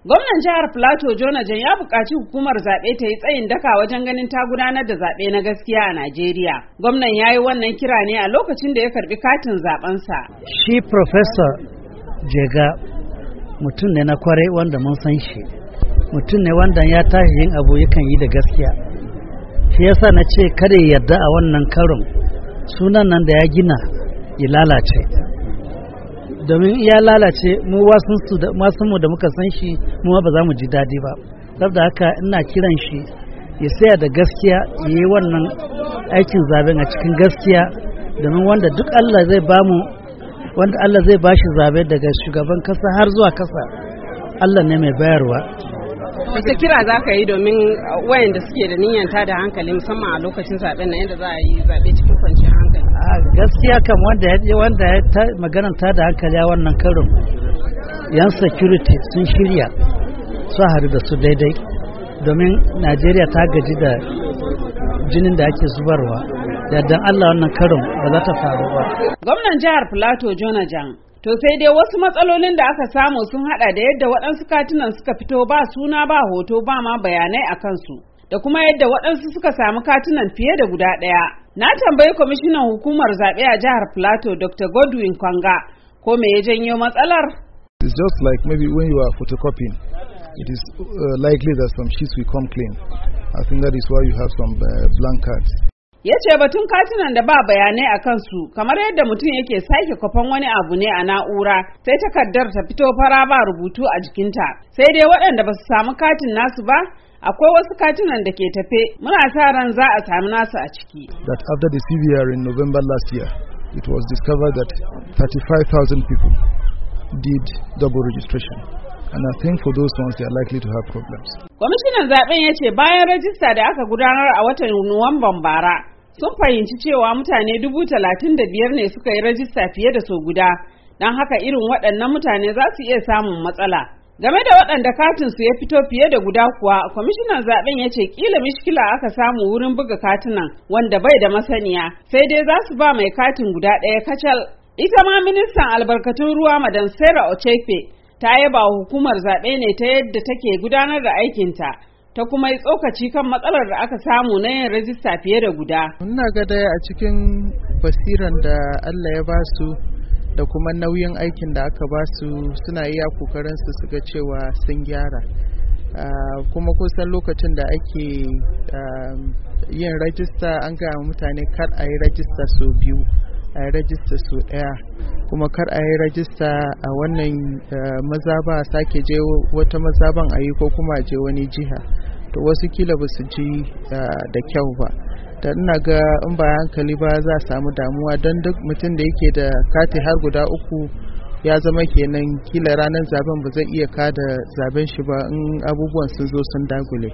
Gwamnan jihar Plateau Jonajan ya buƙaci hukumar zaɓe ta yi tsayin daka wajen ganin ta gudanar da zaɓe na gaskiya a Najeriya. Gwamnan ya yi wannan kira ne a lokacin da ya karɓi katin zaɓensa. Shi Professor Jega mutum ne na kwarai wanda mun san shi. Mutum ne wanda ya tashi yin abu yakan yi da gaskiya. Shi yasa na ce kada ya yarda a wannan karon sunan nan da ya gina ya lalace. domin ya lalace mu wasanmu da muka san shi mu ba za mu ji daɗi ba saboda haka ina kiran shi ya saya da gaskiya ya yi wannan aikin zaben a cikin gaskiya domin wanda duk Allah zai ba mu wanda Allah zai ba shi zabe daga shugaban kasa har zuwa kasa Allah ne mai bayarwa wasu kira za ka yi domin wayanda suke da niyyanta da hankali musamman a lokacin zaben na yadda za a yi zaɓe cikin kwanciyar gaskiya kan wanda ya wanda ya magana ta da hankali a wannan karin yan security sun shirya su hari da su daidai domin najeriya ta gaji da jinin da ake zubarwa yadda allah wannan karin ba za ta faru ba gwamnan jihar plateau jonajan To sai dai wasu matsalolin da aka samu sun hada da yadda waɗansu katunan suka fito ba suna ba hoto ba ma bayanai a kansu da kuma yadda waɗansu suka samu katunan fiye da guda ɗaya Na tambayi kwamishinan hukumar zaɓe a jihar Plateau Dr. Godwin Kwanga ko me ya janyo matsalar? It's just like maybe when you are photocopying, it is uh, likely that some sheets will come clean. I think that is why you have some uh, blank cards. Ya ce batun katunan da ba bayanai a kansu kamar yadda mutum yake sake kwafan wani abu ne a na'ura sai takardar ta fito fara ba rubutu a jikinta sai dai waɗanda ba su samu katin nasu ba akwai wasu katunan da ke tafe muna sa ran za a sami nasu a ciki that after the CVR in November last year it was discovered that 35,000 people did double registration and I think for those ones they are likely to have problems kwamishinan zaben ya ce bayan rajista da aka gudanar a watan nuwamban bara sun fahimci cewa mutane dubu talatin da biyar ne suka yi rajista fiye da so guda don haka irin waɗannan mutane za su iya samun matsala Game da waɗanda katinsu ya fito fiye da guda kuwa, kwamishinan zaɓen ya ce kila mishkila aka samu wurin buga katinan wanda bai da masaniya, sai dai za su ba mai katin guda ɗaya kacal. Ita ma ministan albarkatun ruwa Madam Sarah Ochefe ta yaba hukumar zaɓe ne ta yadda take gudanar da aikinta. ta kuma yi tsokaci kan matsalar da aka samu na yin rajista fiye da guda. Muna ga dai a cikin basiran da Allah ya ba su. da kuma nauyin aikin da aka ba su suna iya kokarin su su cewa sun gyara ah, kuma kusan lokacin da ake ah, yin rajista an ga mutane kar a yi rajista su biyu a yi rajista su ɗaya kuma kar a yi rajista a wannan ah, maza ba a sake je wata mazaban a yi ko kuma a je wani jiha to wasu kila ba su ji da kyau ba da ina ga in ba hankali ba za a samu damuwa don duk mutum da yake da kati har guda uku ya zama kenan kila ranar zaben ba zai iya kada zaben shi ba in abubuwan sun zo sun dagule.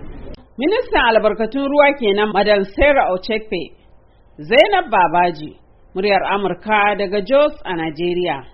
Ministan albarkatun ruwa kenan Madam Sarah ochepe Zainab Babaji, muryar Amurka daga Jos a nigeria.